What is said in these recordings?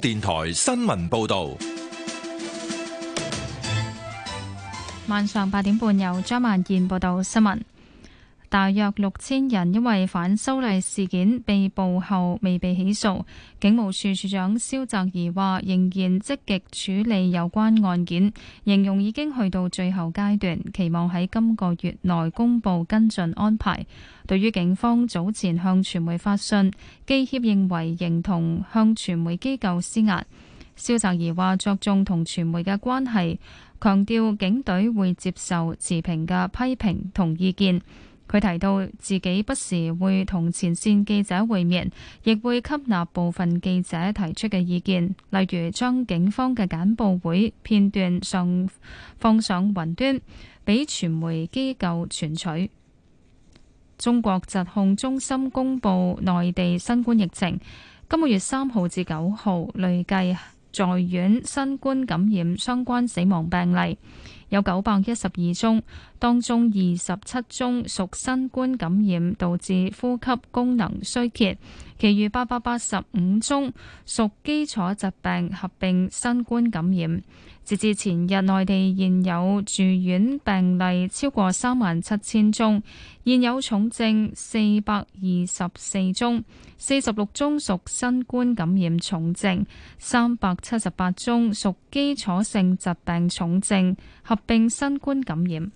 電台新聞報道，晚上八點半由張曼燕報道新聞。大約六千人因為反修例事件被捕後未被起訴。警務處處長蕭澤頤話，仍然積極處理有關案件，形容已經去到最後階段，期望喺今個月內公佈跟進安排。對於警方早前向傳媒發信，記協認為認同向傳媒機構施壓，蕭澤頤話，着重同傳媒嘅關係，強調警隊會接受持平嘅批評同意見。佢提到自己不時會同前線記者會面，亦會吸納部分記者提出嘅意見，例如將警方嘅簡報會片段上放上雲端，俾傳媒機構存取。中國疾控中心公布內地新冠疫情，今個月三號至九號累計。在院新冠感染相關死亡病例有九百一十二宗，當中二十七宗屬新冠感染導致呼吸功能衰竭，其餘八百八十五宗屬基礎疾病合併新冠感染。截至前日，內地現有住院病例超過三萬七千宗，現有重症四百二十四宗，四十六宗屬新冠感染重症，三百七十八宗屬基礎性疾病重症，合併新冠感染。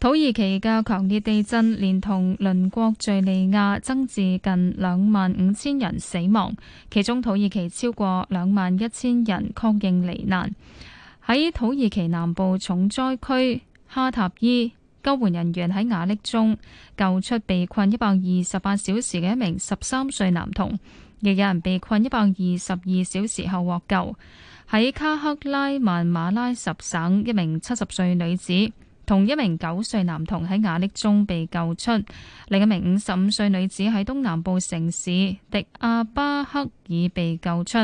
土耳其嘅強烈地震，連同鄰國敘利亞，增至近兩萬五千人死亡，其中土耳其超過兩萬一千人確認罹難。喺土耳其南部重災區哈塔伊，救援人員喺瓦礫中救出被困一百二十八小時嘅一名十三歲男童，亦有人被困一百二十二小時後獲救。喺卡赫拉曼馬拉什省，一名七十歲女子，同一名九歲男童喺瓦礫中被救出，另一名五十五歲女子喺東南部城市迪亞巴克爾被救出。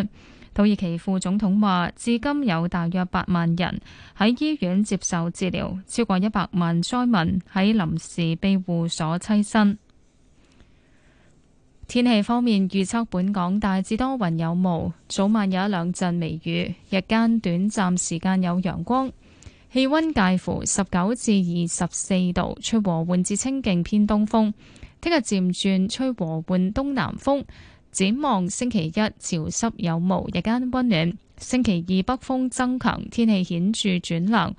土耳其副總統話，至今有大約八萬人喺醫院接受治療，超過一百萬災民喺臨時庇護所棲身。天氣方面預測，預測本港大致多雲有霧，早晚有一兩陣微雨，日間短暫時間有陽光。氣温介乎十九至二十四度，吹和緩至清勁偏東風。聽日漸轉吹和緩東南風，展望星期一潮濕有霧，日間温暖。星期二北風增強，天氣顯著轉涼。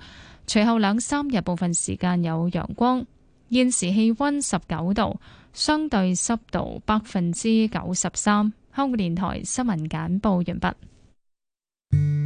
隨後兩三日部分時間有陽光。現時氣温十九度，相對濕度百分之九十三。香港電台新聞簡報完畢。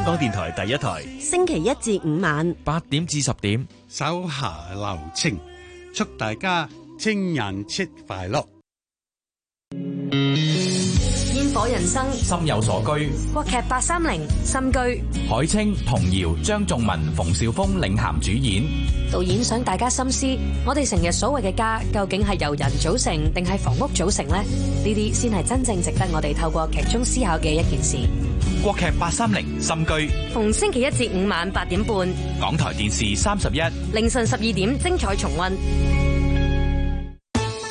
香港電台第一台，星期一至五晚八點至十點，手下留情，祝大家情人節快樂。煙火人生，心有所居。國劇八三零，新居。海清、童瑤、張仲文、馮紹峰領銜主演。導演想大家深思：我哋成日所謂嘅家，究竟係由人組成，定係房屋組成呢？呢啲先係真正值得我哋透過劇中思考嘅一件事。國劇八三零深居，逢星期一至五晚八點半，港台電視三十一，凌晨十二點精彩重溫。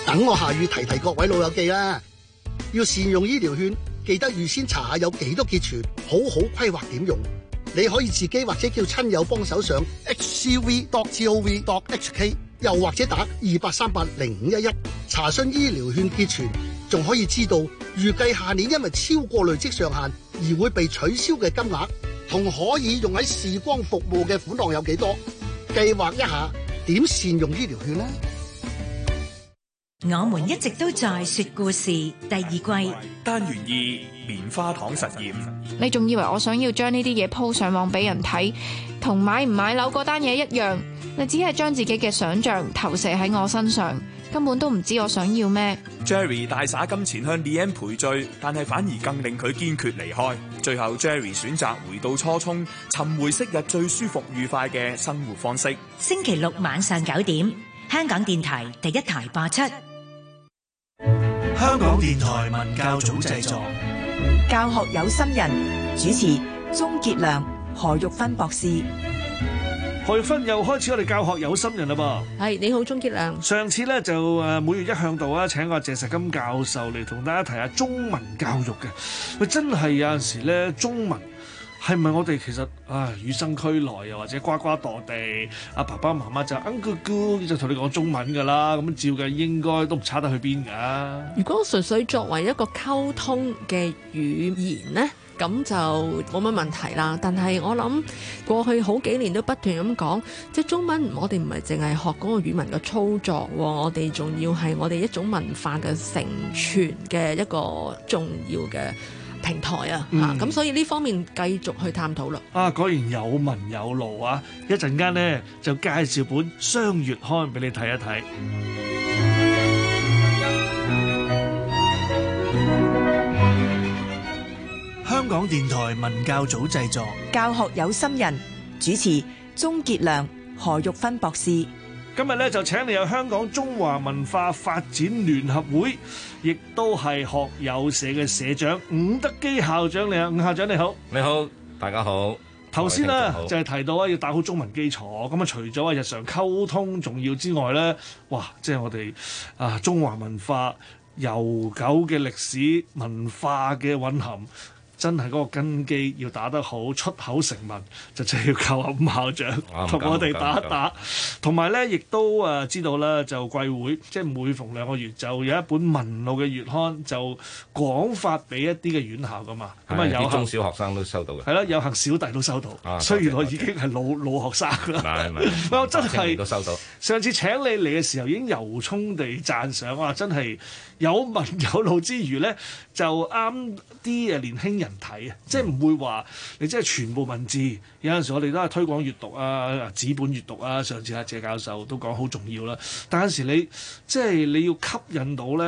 等我下月提提各位老友記啦，要善用醫療券，記得預先查下有幾多結存，好好規劃點用。你可以自己或者叫親友幫手上 HCV.gov.hk，又或者打二八三八零五一一查詢醫療券結存。仲可以知道預計下年因為超過累積上限而會被取消嘅金額，同可以用喺視光服務嘅款項有幾多？計劃一下點善用醫療券呢？我們一直都在說故事第二季單元二棉花糖實驗。你仲以為我想要將呢啲嘢鋪上網俾人睇，同買唔買樓嗰單嘢一樣？你只係將自己嘅想象投射喺我身上。根本都唔知我想要咩。Jerry 大灑金錢向 Liem 賠罪，但係反而更令佢堅決離開。最後，Jerry 選擇回到初衷，尋回昔日最舒服愉快嘅生活方式。星期六晚上九點，香港電台第一台播出。香港電台文教組製作，教學有心人主持，鍾杰良、何玉芬博士。何玉芬又開始我哋教學有心人啦噃，係，你好鍾杰亮。上次咧，就誒，每月一向度啊，請阿謝石金教授嚟，同大家提下中文教育嘅。喂，真係有陣時咧中文係咪我哋其實啊，與生俱來又或者呱呱墮地，阿爸爸媽媽就嗯咕咕就同你講中文噶啦，咁照計應該都唔差得去邊噶。如果純粹作為一個溝通嘅語言咧，咁就冇乜問題啦。但係我諗過去好幾年都不斷咁講，即係中文，我哋唔係淨係學嗰個語文嘅操作喎，我哋仲要係我哋一種文化嘅承傳嘅一個重要嘅平台、嗯、啊！啊，咁所以呢方面繼續去探討啦。啊，果然有文有路啊！一陣間呢，就介紹本《雙月刊》俾你睇一睇。港電台文教組製作，教學有心人主持鍾傑良、何玉芬博士。今日咧就請你有香港中華文化發展聯合會，亦都係學友社嘅社長伍德基校長。你好，伍校長你好，你好，大家好。頭先呢，就係提到啊，要打好中文基礎。咁啊，除咗啊日常溝通重要之外咧，哇，即係我哋啊中華文化悠久嘅歷史文化嘅蘊含。真係嗰個根基要打得好，出口成文就真係要靠阿伍校長同、啊、我哋打一打。同埋咧，亦都誒知道啦，就貴會即係每逢兩個月就有一本文路嘅月刊，就廣發俾一啲嘅院校㗎嘛。咁啊的，有中小學生都收到嘅。係啦，有幸小弟都收到。雖然、啊、謝我已經係老老學生啦。唔係，唔係 我真的明明明都收到，上次請你嚟嘅時候，已經由衷地讚賞啊！真係有文有路之餘咧，就啱啲誒年輕人。睇啊，即係唔會話你即係全部文字。有陣時我哋都係推廣閱讀啊、紙本閱讀啊。上次阿謝教授都講好重要啦。但有時你即係你要吸引到咧，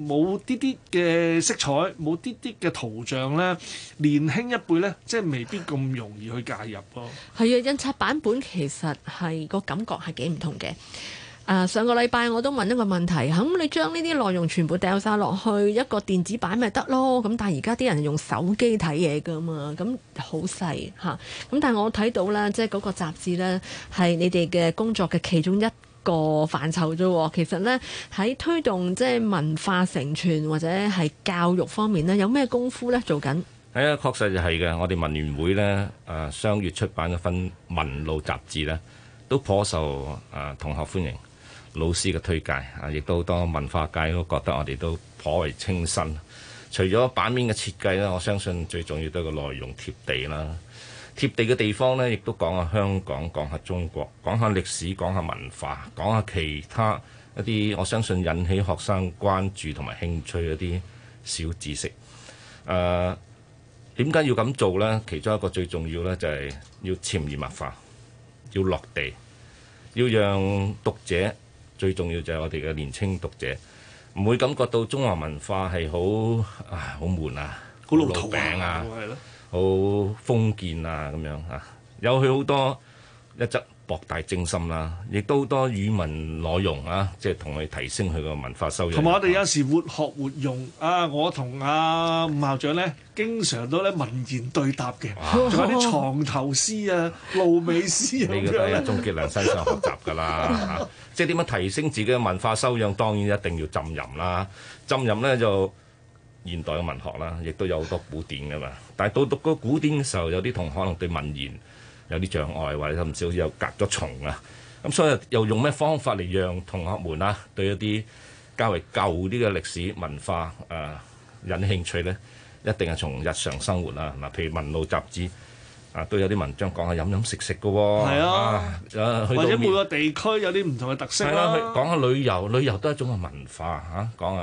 冇啲啲嘅色彩，冇啲啲嘅圖像咧，年輕一輩咧，即係未必咁容易去介入咯。係啊，印刷版本其實係個感覺係幾唔同嘅。誒上個禮拜我都問一個問題，咁你將呢啲內容全部掉晒落去一個電子版咪得咯？咁但係而家啲人用手機睇嘢㗎嘛，咁好細嚇。咁但係我睇到咧，即係嗰個雜誌咧係你哋嘅工作嘅其中一個範疇啫。其實呢，喺推動即係文化承傳或者係教育方面呢，有咩功夫呢？做緊？係啊，確實就係嘅。我哋文聯會呢，誒雙月出版一份《文路》雜誌呢，都頗受誒同學歡迎。老師嘅推介啊，亦都好多文化界都覺得我哋都頗為清新。除咗版面嘅設計呢，我相信最重要都係個內容貼地啦。貼地嘅地方呢，亦都講下香港，講下中國，講下歷史，講下文化，講下其他一啲我相信引起學生關注同埋興趣嗰啲小知識。誒、呃，點解要咁做呢？其中一個最重要呢，就係要潛移默化，要落地，要讓讀者。最重要就係我哋嘅年青讀者唔會感覺到中華文化係好啊，好悶啊，老套啊，好封建啊咁樣嚇，有佢好多一則。博大精深啦，亦都好多語文內容啊，即係同佢提升佢個文化修養。同埋我哋有時活學活用啊，我同阿吳校長咧，經常都咧文言對答嘅，仲哇有啲藏頭詩啊、露尾詩咁樣。你嗰日鍾傑良身上學習㗎啦， 即係點樣提升自己嘅文化修養？當然一定要浸淫啦，浸淫咧就現代嘅文學啦，亦都有好多古典㗎嘛。但係到讀個古典嘅時候，有啲同學可能對文言。有啲障礙，或者甚至好似又隔咗層啊，咁所以又用咩方法嚟讓同學們啊對一啲較為舊啲嘅歷史文化誒引興趣咧？一定係從日常生活啊，嗱，譬如文路雜誌啊，都有啲文章講下飲飲食食嘅喎。係啊，或者每個地區有啲唔同嘅特色咯。講下旅遊，旅遊都係一種嘅文化嚇。講下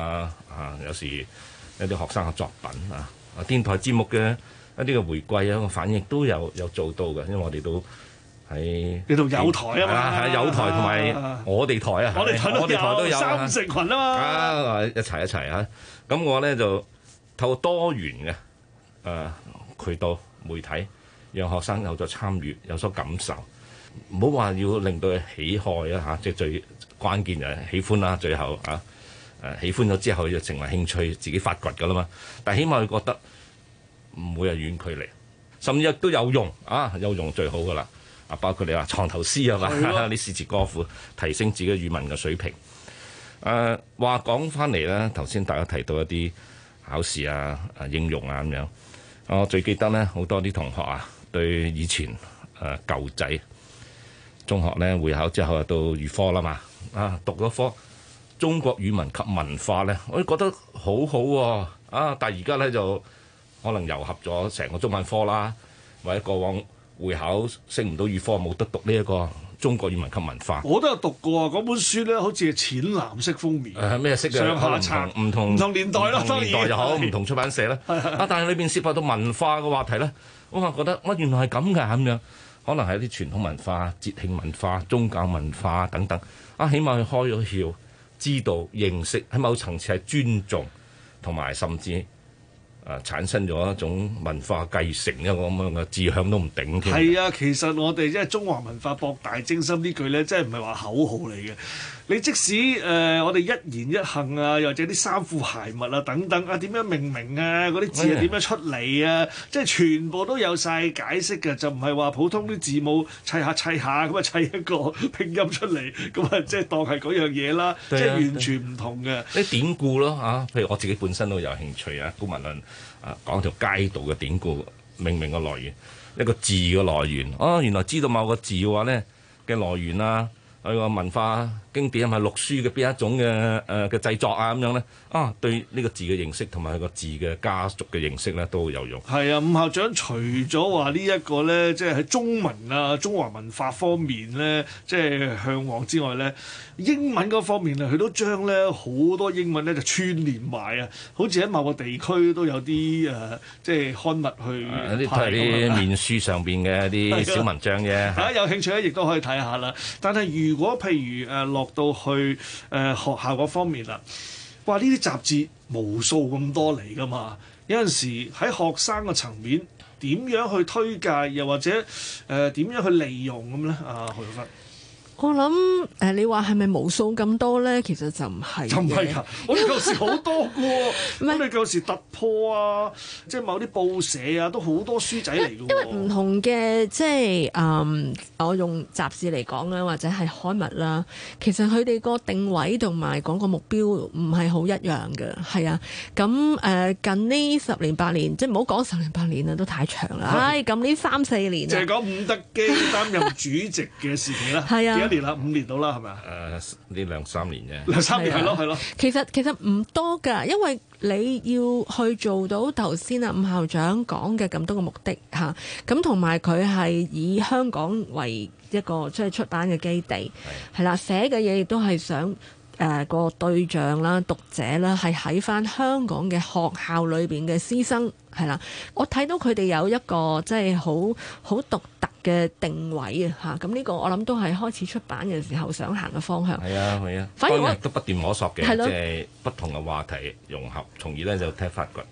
啊，有時一啲學生嘅作品啊，啊電台節目嘅。一啲嘅回饋啊，個反應都有有做到嘅，因為我哋都喺呢度有台啊嘛、啊，有台同埋我哋台啊，我哋台，台都有、啊、有三成群啊嘛，一齊一齊嚇，咁我咧就透過多元嘅誒渠道媒體，讓學生有咗參與，有所感受，唔好話要令到佢喜愛啊嚇，即係最關鍵就係喜歡啦，最後啊誒、啊、喜歡咗之後，佢就成為興趣，自己發掘噶啦嘛，但係起碼佢覺得。唔會係遠距離，甚至都有用啊！有用最好噶啦，啊包括你話藏頭詩啊嘛，你詩詞歌賦提升自己語文嘅水平。誒、啊、話講翻嚟咧，頭先大家提到一啲考試啊、應用啊咁樣，我最記得咧好多啲同學啊，對以前誒舊、啊、仔中學咧會考之後到預科啦嘛啊讀咗科中國語文及文化咧，我覺得好好、啊、喎啊！但而家咧就可能糅合咗成個中文科啦，或者過往會考升唔到語科，冇得讀呢一個中國語文及文化。我都有讀過嗰本書咧，好似係淺藍色封面，咩、呃、上下冊唔同唔同年代咯，年代又好唔 同出版社咧。 啊，但係裏邊涉及到文化嘅話題咧， 我係覺得我、啊、原來係咁㗎咁樣，可能係一啲傳統文化、節慶文化、宗教文化等等。啊，起碼佢開咗竅，知道認識喺某層次係尊重同埋甚至。啊！產生咗一種文化繼承，一個咁樣嘅志向都唔頂添。係啊，其實我哋即係中華文化博大精深呢句咧，真係唔係話口號嚟嘅。你即使誒我哋一言一行啊，又或者啲衫褲鞋襪啊等等啊，點樣命名啊？嗰啲字係點樣出嚟啊？即係全部都有晒解釋嘅，就唔係話普通啲字母砌下砌下咁啊砌一個拼音出嚟，咁啊即係當係嗰樣嘢啦。即係完全唔同嘅。啲典故咯嚇，譬如我自己本身都有興趣啊，《古文論》啊講條街道嘅典故命名嘅來源，一個字嘅來源。哦，原來知道某個字嘅話咧嘅來源啊！佢個文化經典啊，係咪六書嘅邊一種嘅誒嘅製作啊咁樣咧？啊，對呢個字嘅認識同埋個字嘅家族嘅認識咧，都有用。係啊，伍校長除咗話呢一個咧，即係喺中文啊、中華文化方面咧，即係嚮往之外咧，英文嗰方面啊，佢都將咧好多英文咧就串連埋啊，好似喺某個地區都有啲誒即係刊物去睇、啊、面書上邊嘅一啲小文章啫。啊，大家有興趣咧，亦都可以睇下啦。但係如如果譬如誒、呃、落到去誒、呃、學校嗰方面啦，哇！呢啲雜誌無數咁多嚟噶嘛，有陣時喺學生嘅層面點樣去推介，又或者誒點、呃、樣去利用咁咧？啊，何玉芬。我諗誒、呃，你話係咪無數咁多咧？其實就唔係，唔係啊！為我哋舊時好多噶，咩你舊時突破啊，即係某啲報社啊，都好多書仔嚟噶。因為唔同嘅，即係誒、呃，我用雜誌嚟講啦，或者係刊物啦，其實佢哋個定位同埋講個目標唔係好一樣噶。係啊，咁誒、呃，近呢十年八年，即係唔好講十年八年啦，都太長啦。唉、啊哎，近呢三四年就係講伍德基擔任主席嘅事情啦。係 啊。年啦，五年到啦，係咪、呃、啊？呢兩三年啫，兩三年係咯，係咯。其實其實唔多㗎，因為你要去做到頭先啊，伍校長講嘅咁多個目的嚇，咁同埋佢係以香港為一個即係出版嘅基地，係啦、啊，寫嘅嘢亦都係想。誒、呃、那個對象啦、讀者啦，係喺返香港嘅學校裏邊嘅師生係啦，我睇到佢哋有一個即係好好獨特嘅定位啊嚇！咁呢個我諗都係開始出版嘅時候想行嘅方向。係啊，係啊，反而我都不斷摸索嘅，即係的不同嘅話題融合，從而咧就睇發掘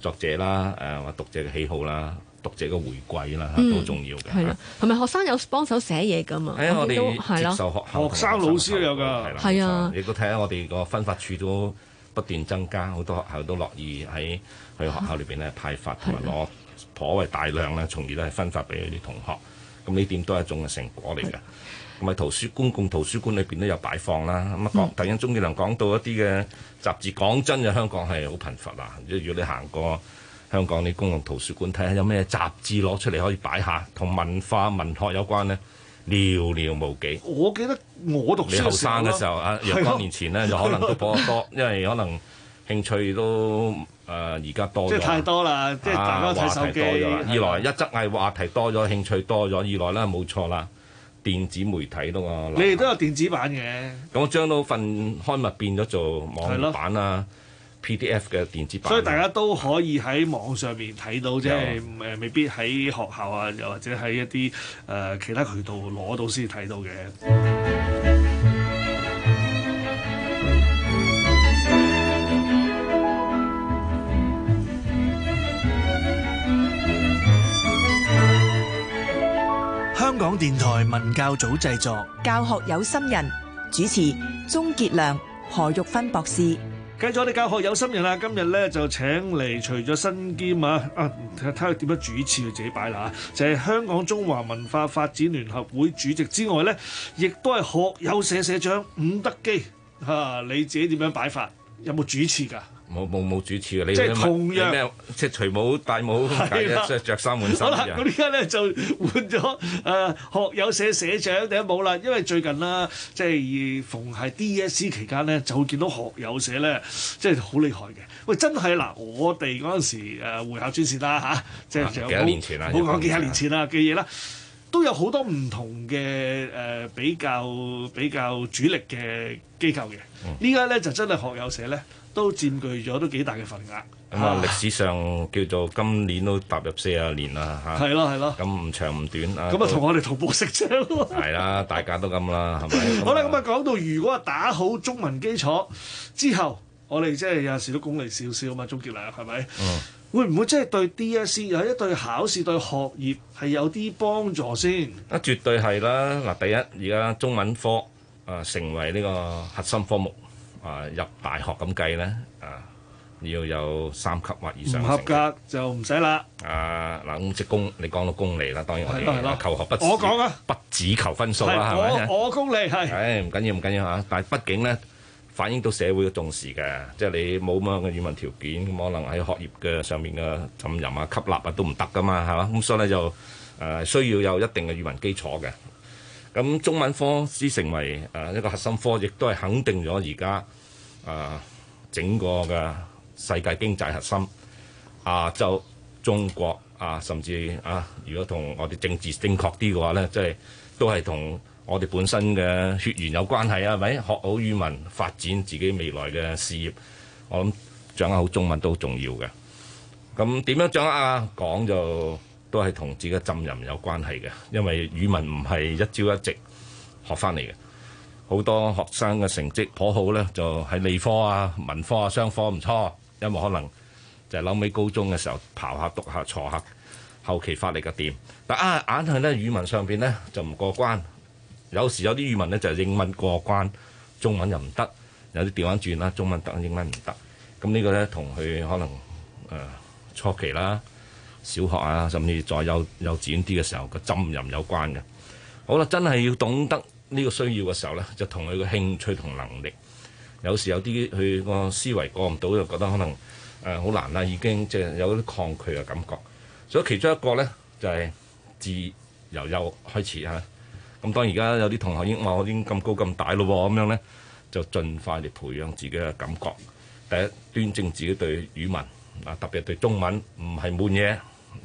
作者啦、誒、呃、或者讀者嘅喜好啦。讀者嘅回歸啦，嗯、都好重要嘅。係啦，係咪學生有幫手寫嘢噶嘛？啊的，我哋接受學校,學生,學校學生老師都有㗎。係啊，你的都睇下，我哋個分發處都不斷增加，好多學校都樂意喺喺學校裏邊咧派發，同埋攞頗為大量啦，啊、從而都係分發俾佢啲同學。咁呢點都係一種嘅成果嚟嘅。咁啊的，圖書公共圖書館裏邊都有擺放啦。咁啊講，嗯嗯、突然鍾建良講到一啲嘅雜誌。講真嘅，香港係好貧乏，如果你行過。香港啲公共圖書館睇下有咩雜誌攞出嚟可以擺下，同文化文學有關咧，寥寥無幾。我記得我讀你後生嘅時候啊，若干年，的年前咧就的可能都頗多，因為可能興趣都誒而家多咗。即係太多啦，即係大家睇手機話題多咗。的二來一則係話題多咗，興趣多咗；二來咧冇錯啦，電子媒體都話。你哋都有電子版嘅。咁將到份刊物變咗做網絡版啦。的 PDF 嘅電子版，所以大家都可以喺網上面睇到，Yeah. 即係誒未必喺學校啊，又或者喺一啲誒、呃、其他渠道攞到先睇到嘅。 香港電台文教組製作，教學有心人主持，鍾傑良、何玉芬博士。繼續我哋教學有心人啦，今日咧就請嚟，除咗身兼啊啊睇下點樣主持佢自己擺啦，吓，就係香港中華文化發展聯合會主席之外咧，亦都係學友社社長伍德基嚇，啊。你自己點樣擺法？有冇主持㗎？冇冇冇主持嘅，你即係同樣，即係除帽戴帽，即係着着衫換衫，好啦，咁依家咧就換咗誒、呃、學友社社長頂帽啦，因為最近啦，即係逢係 DSE 期間咧，就會見到學友社咧，即係好厲害嘅。喂，真係嗱、啊，我哋嗰陣時誒會考專線啦嚇、啊，即係幾多年前啦，好講、啊、幾十年前啦嘅嘢啦，都有好多唔同嘅誒、呃、比較比較主力嘅機構嘅。依家咧就真係學友社咧，都佔據咗都幾大嘅份額。咁啊，歷史上叫做今年都踏入四十年啦，嚇。 係咯，係咯。咁唔長唔短啊。咁啊，同我哋同步成長咯。係 啦，大家都咁啦，係咪？ 好啦，咁、嗯、啊，講到如果打好中文基礎之後，我哋即係有陣時都講嚟少少啊嘛，鍾傑麗，係咪？嗯。會唔會即係對 DSE 又一對考試對學業係有啲幫助先？啊、嗯，絕對係啦！嗱，第一而家中文科啊成為呢個核心科目。啊！入大學咁計咧，啊要有三級或以上唔合格就唔使啦。啊嗱，咁職工你講到功利啦，當然我哋、啊、求學不止我講啊，不只求分數啦，係咪的的？我我功利係。誒唔緊要唔緊要嚇，但係畢竟咧反映到社會嘅重視嘅，即係你冇咁樣嘅語文條件，咁可能喺學業嘅上面嘅浸淫啊、吸納啊都唔得噶嘛，係嘛？咁所以咧就誒、呃、需要有一定嘅語文基礎嘅。咁中文科先成為誒一個核心科，亦都係肯定咗而家誒整個嘅世界經濟核心亞洲、啊、中國啊，甚至啊，如果同我哋政治正確啲嘅話呢，即係都係同我哋本身嘅血緣有關係啊！係咪？學好語文，發展自己未來嘅事業，我諗掌握好中文都重要嘅。咁點樣掌握啊？講就。都係同自己嘅浸淫有關係嘅，因為語文唔係一朝一夕學翻嚟嘅，好多學生嘅成績頗好呢，就係理科啊、文科啊、商科唔錯，因為可能就係諗起高中嘅時候刨下、讀下、坐下，後期發力嘅點，但啊硬係咧語文上邊呢，就唔過關，有時有啲語文呢，就英文過關，中文又唔得，有啲調翻轉啦，中文得英文唔得，咁呢個呢，同佢可能、呃、初期啦。小學啊，甚至在幼幼稚園啲嘅時候，個浸淫有關嘅。好啦，真係要懂得呢個需要嘅時候呢，就同佢嘅興趣同能力。有時有啲佢個思維過唔到，就覺得可能誒好、呃、難啦，已經即係有啲抗拒嘅感覺。所以其中一個呢，就係、是、自由幼開始嚇。咁、啊、當而家有啲同學已經話我已經咁高咁大咯喎，咁樣呢，就儘快嚟培養自己嘅感覺。第一端正自己對語文啊，特別對中文唔係悶嘢。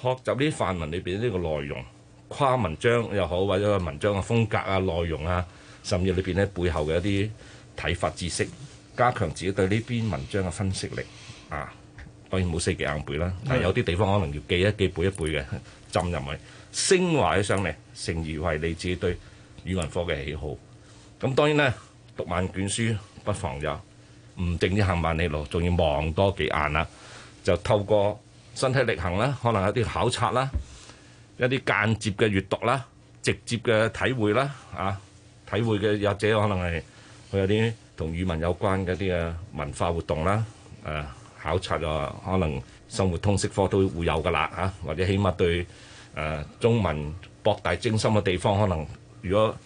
學習呢啲範文裏邊呢個內容，跨文章又好，或者個文章嘅風格啊、內容啊，甚至裏邊呢背後嘅一啲睇法知識，加強自己對呢篇文章嘅分析力啊。當然冇死記硬背啦，但係有啲地方可能要記一記背一背嘅浸入去，昇華咗上嚟，成而為你自己對語文科嘅喜好。咁當然呢，讀萬卷書，不妨就唔淨止行萬里路，仲要望多幾眼啦。就透過。身體力行啦，可能有啲考察啦，一啲間接嘅閲讀啦，直接嘅體會啦，啊，體會嘅有者可能係佢有啲同語文有關嘅啲嘅文化活動啦，誒、啊、考察就、啊、可能生活通識科都會有噶啦，嚇、啊、或者起碼對誒、啊、中文博大精深嘅地方，可能如果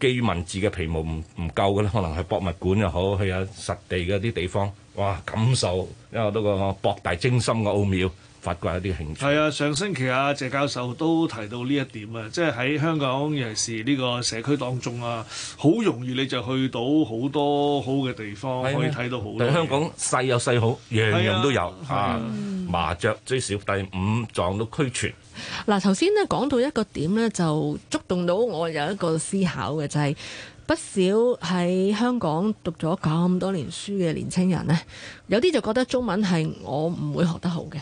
基於文字嘅皮毛唔唔夠嘅咧，可能係博物館又好，去下實地嘅啲地方，哇，感受一個嗰個博大精深嘅奧妙。發掘一啲興趣係啊！上星期阿、啊、謝教授都提到呢一點啊，即係喺香港尤其是呢個社區當中啊，好容易你就去到好多好嘅地方，啊、可以睇到好多。香港細有細好，樣樣都有啊！啊啊麻雀最少第五臟都俱全。嗱、啊，頭先呢講到一個點呢，就觸動到我有一個思考嘅，就係、是、不少喺香港讀咗咁多年書嘅年青人呢，有啲就覺得中文係我唔會學得好嘅。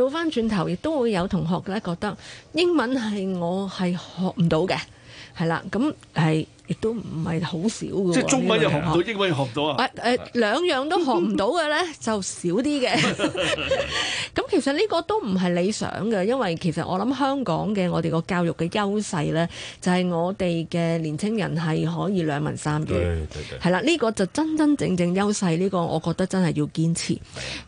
倒翻轉頭，亦都會有同學咧覺得英文係我係學唔到嘅，係啦，咁係。亦都唔係好少嘅，即係中文又學唔到，英文又學唔到啊！誒、呃、誒，兩樣都學唔到嘅咧， 就少啲嘅。咁 其實呢個都唔係理想嘅，因為其實我諗香港嘅我哋個教育嘅優勢咧，就係、係、我哋嘅年青人係可以兩文三語。係啦，呢、呢個就真真正正優勢，呢、呢個我覺得真係要堅持。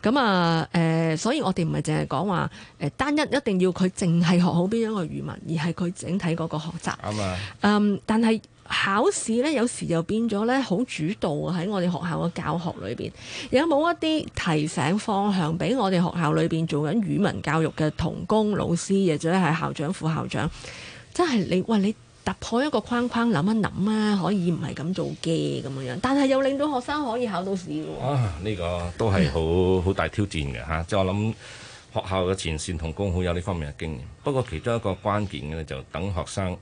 咁啊誒、呃，所以我哋唔係淨係講話誒單一一定要佢淨係學好邊一個語文，而係佢整體嗰個學習。啱嘛？嗯，但係。考試呢，有時又變咗呢，好主導喺我哋學校嘅教學裏邊，有冇一啲提醒方向俾我哋學校裏邊做緊語文教育嘅同工老師，或者係校長、副校長，真係你喂你突破一個框框，諗一諗啊，可以唔係咁做嘅咁嘅樣。但係又令到學生可以考到試喎。啊，呢、這個都係好好大挑戰嘅嚇。 即係我諗學校嘅前線同工好有呢方面嘅經驗。不過其中一個關鍵嘅呢，就等學生，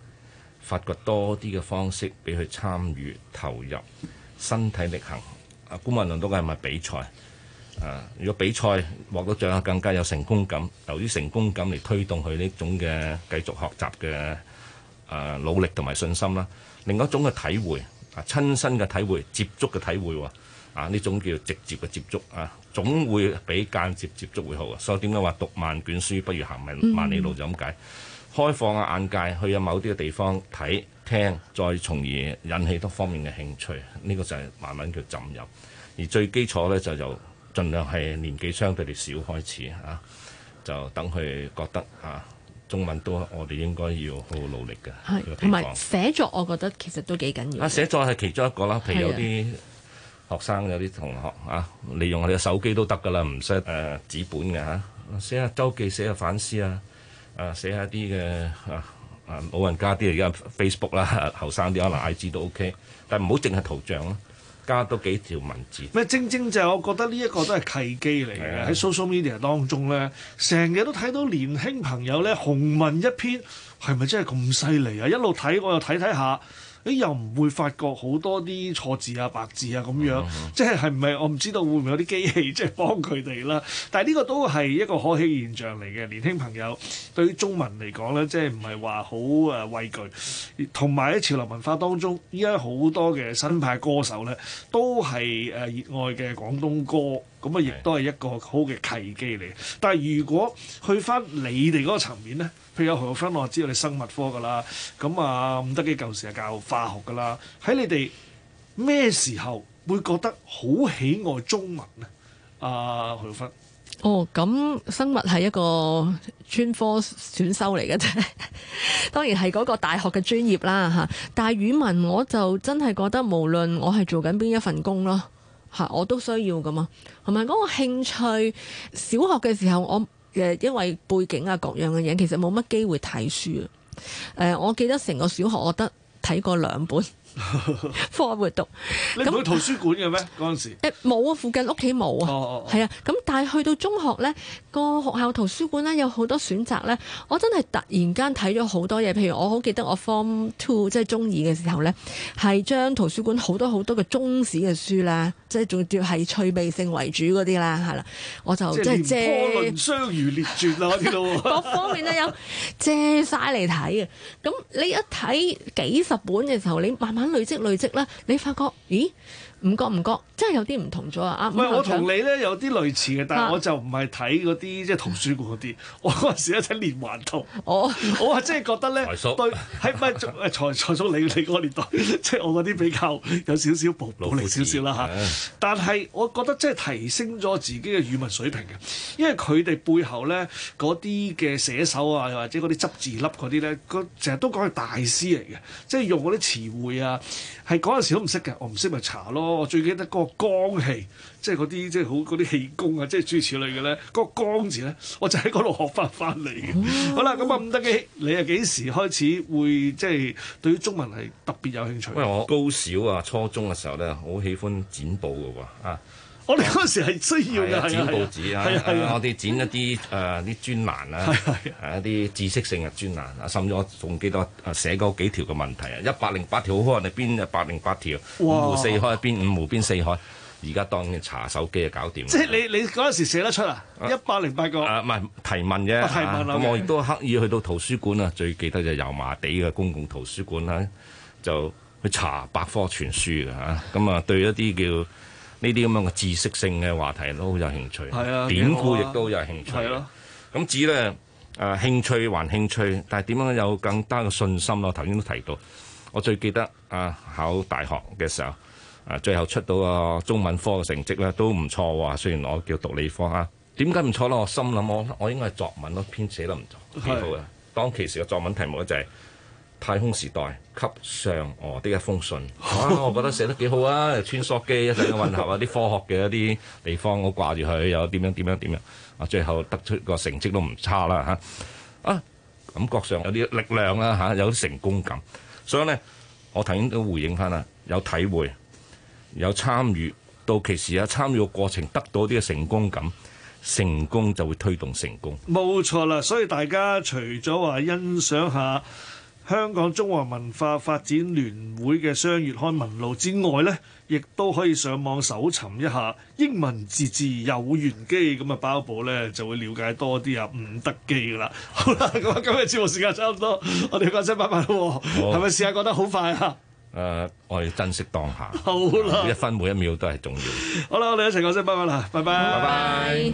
發掘多啲嘅方式俾佢，參與投入，身體力行。阿顧問論到嘅係咪比賽？誒、啊，如果比賽獲得獎，更加有成功感，由啲成功感嚟推動佢呢種嘅繼續學習嘅誒、啊、努力同埋信心啦、啊。另一種嘅體會啊，親身嘅體會、接觸嘅體會啊呢、啊、種叫直接嘅接觸啊，總會比間接接觸會好。所以點解話讀萬卷書不如行萬里路就咁解？嗯開放下眼界，去有某啲嘅地方睇聽，再從而引起多方面嘅興趣。呢、這個就係慢慢嘅浸入。而最基礎呢，就由盡量係年紀相對哋小開始嚇、啊，就等佢覺得嚇、啊、中文都我哋應該要好好努力嘅。同埋是寫作，我覺得其實都幾緊要。啊，寫作係其中一個啦。譬如有啲學生有啲同學嚇，利用佢嘅手機都得㗎啦，唔使誒紙本嘅嚇，寫下周記，寫下反思啊。啊，寫下啲嘅啊啊，老人家啲而家 Facebook 啦，後生啲可能 IG 都 OK，但係唔好淨係圖像咯，加多幾條文字。咩正正就係我覺得呢一個都係契機嚟嘅，喺 social media 當中咧，成日都睇到年輕朋友咧鴻文一篇，係咪真係咁犀利啊？一路睇我又睇睇下。誒又唔會發覺好多啲錯字啊、白字啊咁樣， 即係係唔係我唔知道會唔會有啲機器即係幫佢哋啦？但係呢個都係一個可喜現象嚟嘅，年輕朋友對於中文嚟講咧，即係唔係話好誒畏懼，同埋喺潮流文化當中，依家好多嘅新派歌手咧都係誒熱愛嘅廣東歌。咁啊，亦都係一個好嘅契機嚟。但係如果去翻你哋嗰個層面咧，譬如阿何玉芬，我知道你生物科噶啦，咁啊伍德基舊時係教化學噶啦，喺你哋咩時候會覺得好喜愛中文咧？阿、啊、何玉芬，哦，咁生物係一個專科選修嚟嘅啫，當然係嗰個大學嘅專業啦嚇。但係語文我就真係覺得，無論我係做緊邊一份工咯。係，我都需要㗎嘛，同埋嗰個興趣。小學嘅時候，我誒、呃、因為背景啊各樣嘅嘢，其實冇乜機會睇書。誒、呃，我記得成個小學我得睇過兩本。 課外活動， 你去圖書館嘅咩？嗰陣時誒冇啊，附近屋企冇啊。係啊、哦哦哦。咁但係去到中學咧，個學校圖書館咧有好多選擇咧。我真係突然間睇咗好多嘢，譬如我好記得我 Form Two，即係中二嘅時候咧，係將圖書館好多好多嘅中史嘅書啦，即係仲要係趣味性為主嗰啲啦，係啦，我就即係借《廉頗藺相如列傳》啊，呢度各方面都有借晒嚟睇啊。咁 你一睇幾十本嘅時候，你慢慢。揀累積累積啦，你發覺咦？唔覺唔覺，真係有啲唔同咗啊！唔係我同你咧有啲類似嘅，但係我就唔係睇嗰啲即係圖書館嗰啲，我嗰陣時咧睇連環圖。啊、我我係真係覺得咧， 對喺唔係財財叔你你嗰個年代，即係我嗰啲比較有少少暴暴力少少啦嚇。但係我覺得即係提升咗自己嘅語文水平嘅，因為佢哋背後咧嗰啲嘅寫手啊，或者嗰啲執字粒嗰啲咧，成日都講係大師嚟嘅，即係用嗰啲詞彙啊。係嗰陣時都唔識嘅，我唔識咪查咯。我最記得嗰個光氣，即係嗰啲即係好嗰啲氣功啊，即係諸如此類嘅咧。嗰、那個光字咧，我就喺嗰度學翻翻嚟。嗯、好啦，咁啊伍德基。你係幾時開始會即係對於中文係特別有興趣？因為我高小啊，初中嘅時候咧，好喜歡剪報嘅喎啊。我哋嗰時係需要嘅，剪報紙啊，我哋剪一啲誒啲專欄啊，係一啲知識性嘅專欄啊。甚至我仲記得寫過幾條嘅問題啊，一百零八條，好可能你邊一百零八條，五湖四海，邊五湖、邊四海？而家當查手機就搞掂。即係你你嗰陣時寫得出啊？一百零八個啊，唔係提問啫。咁我亦都刻意去到圖書館啊，最記得就油麻地嘅公共圖書館咧，就去查百科全書嘅嚇。咁啊，對一啲叫～呢啲咁樣嘅知識性嘅話題都好有興趣，典故亦都有興趣。咁只咧誒興趣還興趣，但係點樣有更加嘅信心咯？我頭先都提到，我最記得啊，考大學嘅時候啊，最後出到個中文科嘅成績咧都唔錯喎。雖然我叫讀理科啊，點解唔錯咧？我心諗我我應該係作文咯，編寫得唔錯，幾好嘅。當其時嘅作文題目咧就係，太空時代給嫦娥、哦、的一封信，啊，我覺得寫得幾好啊！穿梭機一定嘅混合啊，啲科學嘅一啲地方，我掛住佢又點樣點樣點樣啊，最後得出個成績都唔差啦嚇啊，感覺上有啲力量啦嚇、啊，有啲成功感，所以呢，我頭先都回應翻啦，有體會，有參與，到其時啊，參與個過程得到啲嘅成功感，成功就會推動成功，冇錯啦。所以大家除咗話欣賞下。香港中華文，文化發展聯會嘅雙月刊《文路》之外咧，亦都可以上網搜尋一下英文字字有玄機，咁啊包保咧就會了解多啲啊伍德基噶啦。好啦，咁啊今日節目時間差唔多，我哋講聲拜拜啦。係咪我試下覺得好快啊？誒、呃，我哋珍惜當下，好啦吧，一分每一秒都係重要。好啦，我哋一齊講聲拜拜啦，拜拜。拜拜。